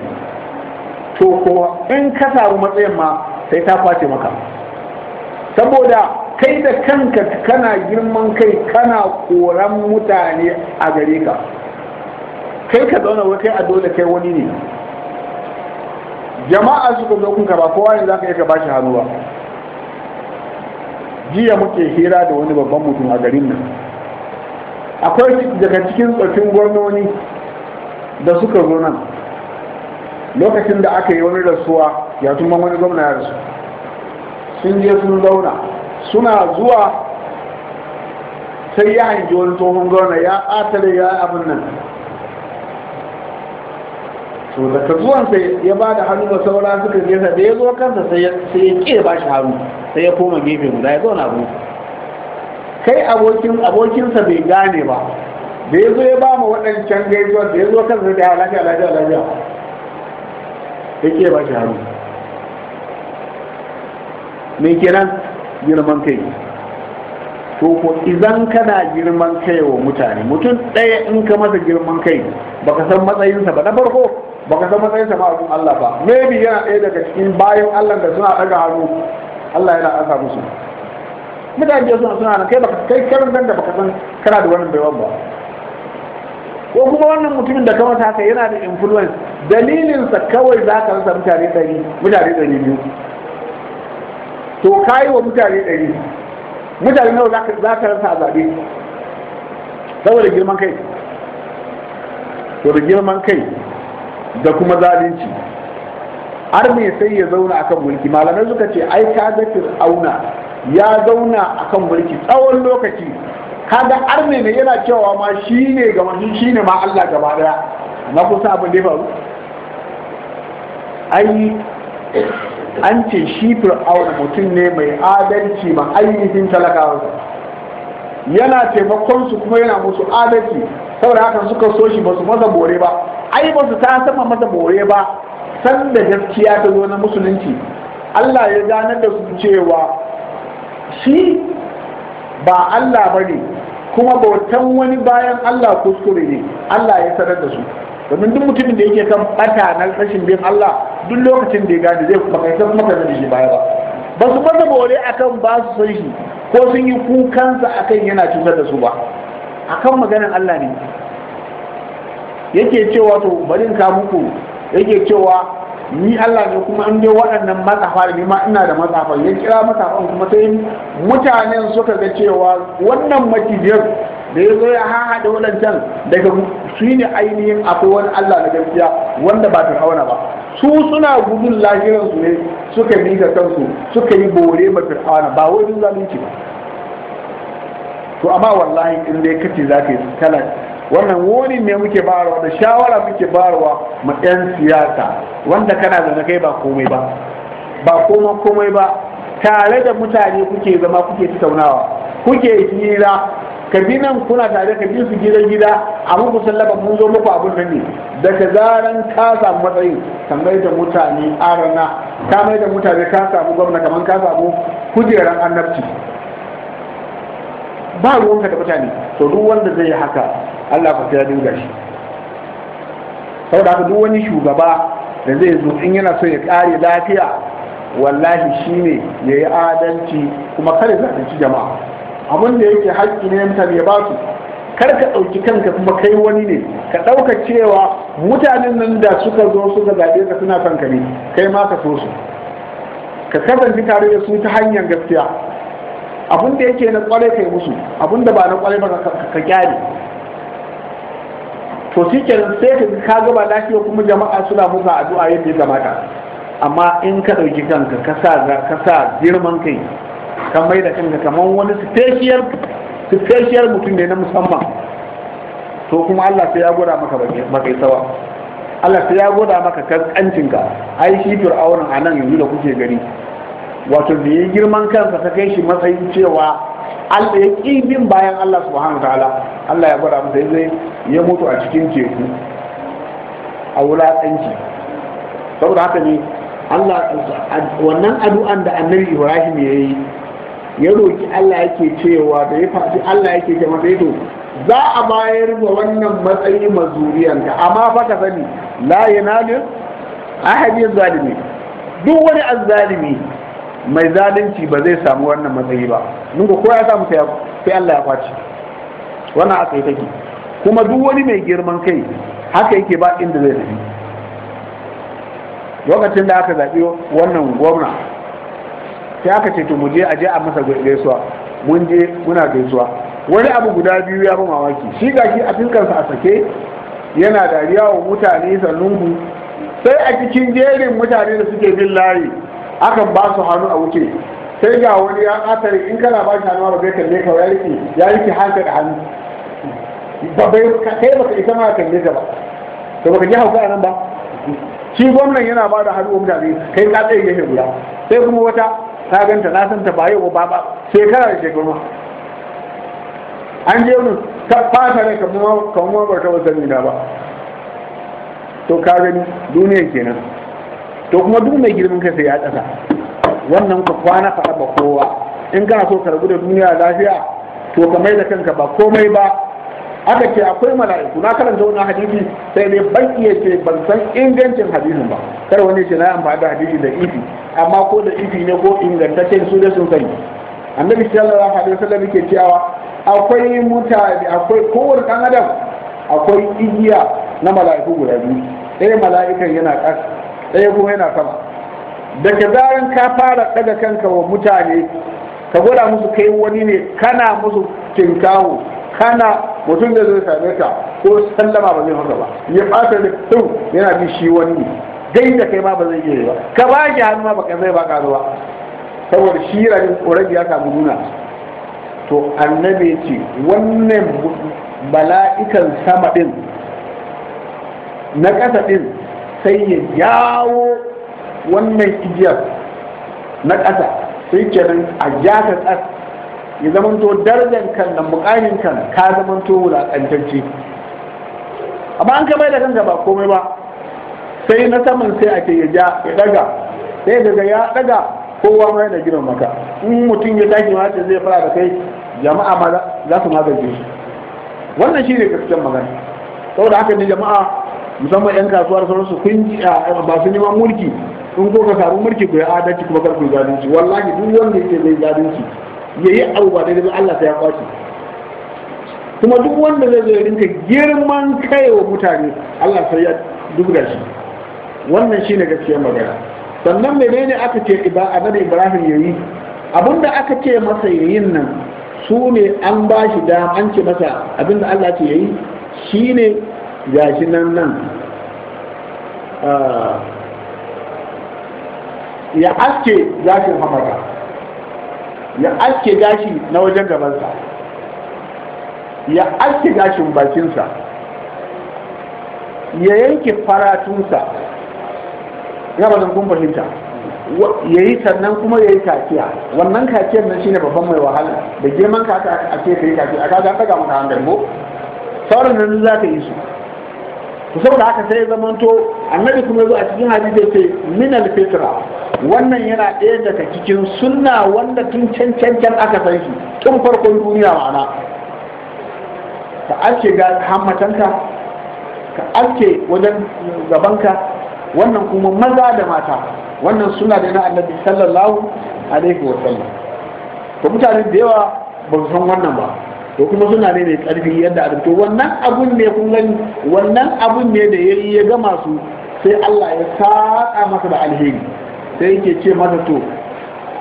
to kowa in ka samu matsayin ma sai ta kwace maka saboda kai da kanka kana girman kai kana koran mutane a gare ka kai ka zauna wai kai a dole kai wani ne jama'a suka zo kunka ba kowa ne za ka yi ka bashi hannu ba jiya muke hira da wani babban mutum a garin nan akwai daga cikin tsoffin gwamnoni da suka zo nan lokacin da aka yi wani rasuwa ya tumba wani gwamna ya rasu sun je sun zauna suna zuwa sai ya hangi wani tsohon gwamna ya ƙatare ya abin nan ka zuwan zuwansa ya ba da hannu da saura suka gesa da ya zo kansa sai ya ƙi ba shi hannu sai ya koma gefe guda ya zauna abu kai abokin abokinsa bai gane ba da ya zo ya ba mu waɗancan gaisuwa da ya zo kansa da ya ah, lafiya lafiya lafiya ya ƙi ba shi hannu me kenan girman kai to ko idan kana girman kai wa mutane mutum ɗaya in ka masa girman kai baka san matsayinsa ba na farko baka san matsayin sa ba abun Allah ba maybe yana ɗaya daga cikin bayan Allah da suna daga hannu Allah yana asa musu mutane da suna suna kai baka kai karin da baka san kana da wannan baiwan ba ko kuma wannan mutumin da kamata haka yana da influence dalilinsa kawai za ka rasa mutane ɗari mutane ɗari biyu to kai wa mutane ɗari mutane nawa za ka rasa a zaɓe saboda girman kai to da girman kai da kuma zalunci har me sai ya zauna akan mulki malamai suka ce ai ka ga fir'auna ya zauna akan mulki tsawon lokaci kaga arne ne yana cewa ma shine ga wani shine ma Allah gaba daya na kusa abin da ya faru ai an ce shi fir'auna mutum ne mai adalci ma ainihin talakawa yana taimakon su kuma yana musu adalci saboda haka suka so shi ba su masa bore ba ai ba su ta sama masa bore ba Sanda gaskiya ta zo na musulunci Allah ya gane da su cewa shi ba Allah ba ne kuma bautan wani bayan Allah kuskure ne Allah ya sanar da su domin duk mutumin da yake kan bata na rashin bin Allah duk lokacin da ya gane zai kuma kai san maka da shi baya ba ba su masa bore akan ba su san shi ko sun yi kukansa akan yana cutar da su ba akan maganan Allah ne yake cewa to bari in ka muku yake cewa ni Allah ne kuma an dai waɗannan matsafa ne ma ina da matsafa ya kira matsafan kuma sai mutanen suka ga cewa wannan matijiyar da ya zo ya haha da waɗancan daga shi ne ainihin akwai wani Allah na gaskiya wanda ba ta hauna ba su suna gudun lahiransu ne suka miƙa kansu suka yi bore ma fir'auna ba wai zalunci ba to amma wallahi in dai kace za ka yi kana wannan wani ne muke bayarwa da shawara muke bayarwa mu yan siyasa wanda kana da kai ba komai ba ba koma komai ba tare da mutane kuke zama kuke tattaunawa kuke hira kabinan kuna tare ka bi su gidan gida a muku sallaba mun zo muku abun nan ne ka zaran ka samu matsayin kamar da mutane arana ka mai da mutane ka samu gwamna kamar ka samu kujerar annabci ba ruwanka da mutane to duk wanda zai yi haka Allah ku ya dinga shi saboda duk wani shugaba da zai zo in yana so ya kare lafiya wallahi shine ya yi adalci kuma kare zalunci jama'a abin da yake haƙƙi ne mutane ya ba su kar ka ɗauki kanka kuma kai wani ne ka ɗauka cewa mutanen nan da suka zo suka zaɓe ka suna son ne kai ma ka so su ka kasance tare da su ta hanyar gaskiya abin da yake na kwarai kai musu abin da ba na kwarai ba ka kyale to shi kenan sai ka ka gaba lafiya kuma jama'a suna muka addu'a yadda ya kamata amma in ka ɗauki kanka ka sa ka sa girman kai ka mai da kanka kamar wani special special mutum ne na musamman to kuma Allah sai ya gwada maka bakai sawa Allah sai ya gwada maka kankancin ka ai shi fir'aunin anan yanzu da kuke gani wato da ya girman kansa ta kai shi matsayin cewa Allah ya ƙi bin bayan Allah subhanahu ta'ala Allah ya gwada masa zai ya mutu a cikin teku a wulaƙanci saboda haka ne Allah wannan addu'an da annabi Ibrahim ya yi ya roki Allah yake cewa da ya fasi Allah yake ce masa to za a bayar da wannan matsayi ka amma fa ka sani la yanalu ahadin zalimi duk wani azzalimi mai zalunci ba zai samu wannan matsayi ba mun ko ya samu sai Allah ya kwace wannan aka yi take kuma duk wani mai girman kai haka yake ba inda zai tafi lokacin da aka zaɓi wannan gwamna sai aka ce to mu je a je a masa gaisuwa mun je muna gaisuwa wani abu guda biyu ya ba mamaki shi gashi a fiskansa a sake yana dariya wa mutane sannunku sai a cikin jerin mutane da suke bin layi akan ba su hannu a wuce sai ga wani ya katare in kana ba shi hannu ba zai kalle ka ya yi ki rike hanka da hannu ba bai kai baka ita ma kalle ka ba to baka ji hauka nan ba shi gwamnan yana ba da hannu mutane kai ka tsaye yake guda sai kuma wata ta ganta na san ta ba yau ba ba shekara da shekaru an je mu ta fata ne kamar kamar ba ta wasanni da ba to ka gani duniya kenan to kuma duk mai girman kai sai ya tsaka. wannan ka kwana ka ba kowa in kana so ka rabu da duniya lafiya to ka mai da kanka ba komai ba aka ce akwai mala'iku na karanta wani hadisi sai dai ban iya ce ban san ingancin hadisin ba kar wani ce na amfani da hadisi da ifi amma ko da ifi ne ko ingantaccen su da sun sani annabi sallallahu alaihi wasallam yake cewa akwai mutane akwai kowane dan adam akwai igiya na mala'iku guda biyu ɗaya mala'ikan yana ƙasa ɗaya kuma yana sama ke zaran ka fara ɗaga kanka wa mutane ka gwada musu kai wani ne kana musu kinkawo kana mutum da zai same ka ko sallama ba zai haka ba ya fata da tun yana bi shi wani ne gai da kai ma ba zai iya ba ka ba ki hannu ma ba ka zai ba ka zuwa saboda shi rabin ƙorafi ya samu nuna to annabi ce wannan bala'ikan sama ɗin na ƙasa ɗin sai ya jawo wannan igiyar na ƙasa sai kenan a ka ƙasa ya zamanto darajar kan da mukamin kan ka zamanto wulaƙantacce amma an kamar da kanka ba komai ba sai na saman sai ake ya ja ya daga sai daga ya daga kowa mai da girin maka in mutum ya tashi ma zai fara da kai jama'a ma za su magance shi wannan shine gaskiyar magana saboda haka ne jama'a musamman yan kasuwar sauransu kun ba su neman mulki in ko ka samu mulki ku ya adalci kuma kar ku zalunci wallahi duk wanda yake zai zalunci yayi abu ba daidai Allah ta ya kwace kuma duk wanda zai zo rinka girman kaiwa mutane Allah sai ya dubga shi wannan shine gaskiyar magana sannan menene aka ce ba annabi Ibrahim yayi abinda aka ce masa yayin nan su ne an ba shi dama an ce masa abinda Allah ce yayi shine gashi nan nan ya aske gashin hamada ya aske gashi na wajen gabansa ya aske gashin bakinsa ya yanke faratunsa gabanin kun fahimta ya yi sannan kuma ya yi kakiya wannan kakiyar nan shine babban mai wahala da girman ka aka ake kai kakiya a kaga an daga maka hankali ko sauran nan za ka yi su saboda haka sai zamanto annabi kuma zo a cikin hadisi ce min al wannan yana ɗaya daga cikin sunna wanda tun can can can aka san shi tun farkon duniya ma'ana ka aske ga hammatanka ka aske wajen gabanka wannan kuma maza da mata wannan suna da na annabi sallallahu alaihi wa to mutane da yawa ba su san wannan ba to kuma suna ne mai karfi yadda adam to wannan abun ne kun gani wannan abun ne da yayi ya gama su sai Allah ya saka masa da alheri sai yake ce masa to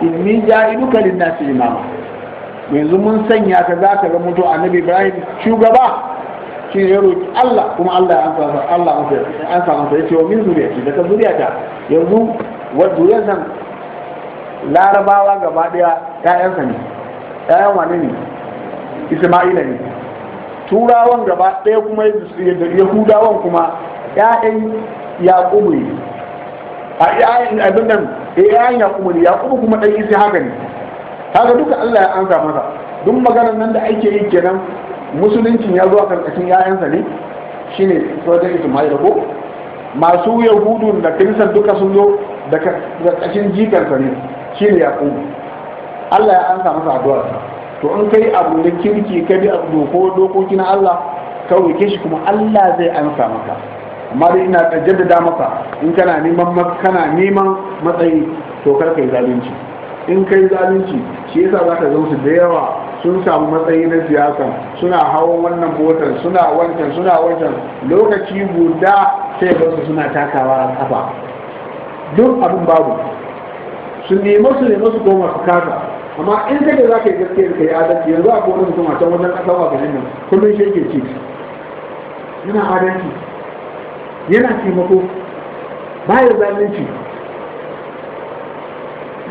inni ja'iluka lin-nasi imama yanzu mun sanya ka za ka zama to annabi Ibrahim shugaba shi ne ya roki Allah kuma Allah ya amsa masa Allah an sa masa ce wa min zuriyati daga zuriyata yanzu ya zan larabawa gaba daya ƴaƴansa ne ƴaƴan wane ne isma'ila ne turawan gaba ɗaya kuma yahudawan kuma ya'yan yaƙubu ne a ya'yan abin nan eh, ya'yan yaƙubu ne yaƙubu kuma ɗan isi haka ne haka duka allah ya ansa masa duk maganar nan da ake yi kenan musuluncin ya zuwa karkashin ya'yansa ne shine sojan isma'ila ko masu yahudun da kirisan duka sun zo da karkashin jikarsa ne shine yaƙubu allah ya ansa masa addu'arsa to in kai abu da kirki ka bi abu doko dokoki na Allah Kawai, kishi shi kuma Allah zai amsa maka amma dai ina jaddada maka in kana neman kana neman matsayi to kar kai zalunci in kai zalunci shi yasa zaka zo su da yawa sun samu matsayi na siyasa suna hawan wannan botan suna wancan suna wancan lokaci guda sai ba su suna takawa a kafa duk abin babu su nemi su nemi su koma su kasa amma in ke za ka yi gaskiyar ka yi adalci yanzu a wani mutum a can wajen ƙasa wa garin nan kullum shi yake ci yana adalci yana taimako ya zalunci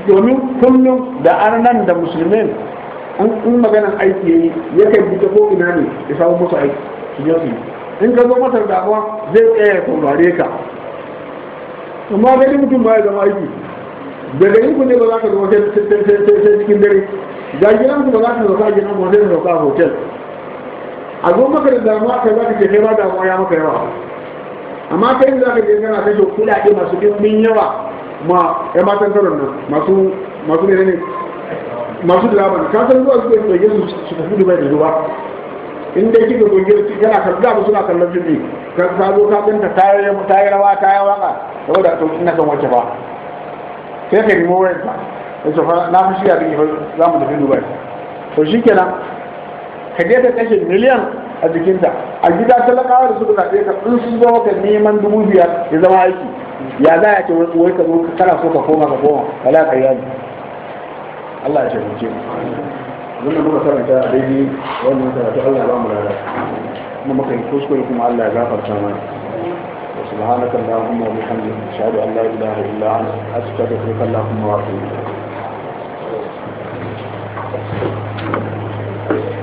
domin kullum da nan da musulmin an kun maganan aiki yi ya kai ko ina ne ya samu musu aiki su je su in ka zo masar damuwa zai tsaya ya saurare ka amma gani mutum ba ya zama aiki daga yin ne ba za ka zama sai cikin dare ga gidan ku ba za ka zama gidan ba sai zama a hotel a zo maka da damuwa ka za ka ce kai ba damuwa ya maka yawa amma kai za ka je kana kashe kuɗaɗe masu ɗimbin yawa ma ya matan karon nan masu masu ne ne masu dilaban ka san zuwa su suke tsoye su su tafi dubai da zuwa in dai kika goge yana kalla ba suna kallon fili ka zo ka ganta ta yi rawa ta yi waka saboda to ina son wace ba kai ka nemo wayar ta ya ce na fi shiga bin za mu tafi dubai to shi kenan ka je ka kashe miliyan a jikinta a gida talakawa da suka zaɓe ka in sun zo ka neman dubu biyar ya zama aiki ya za a ce wai ka zo kana so ka koma ka koma Ka wala ka yi Allah ya taimake mu abin da muka karanta a daidai wannan karatu Allah ya ba mu lada kuma muka yi kuskure kuma Allah ya gafarta mana سبحانك اللهم وبحمدك أشهد أن لا إله إلا أنت أستغفرك اللهم وأتوب إليك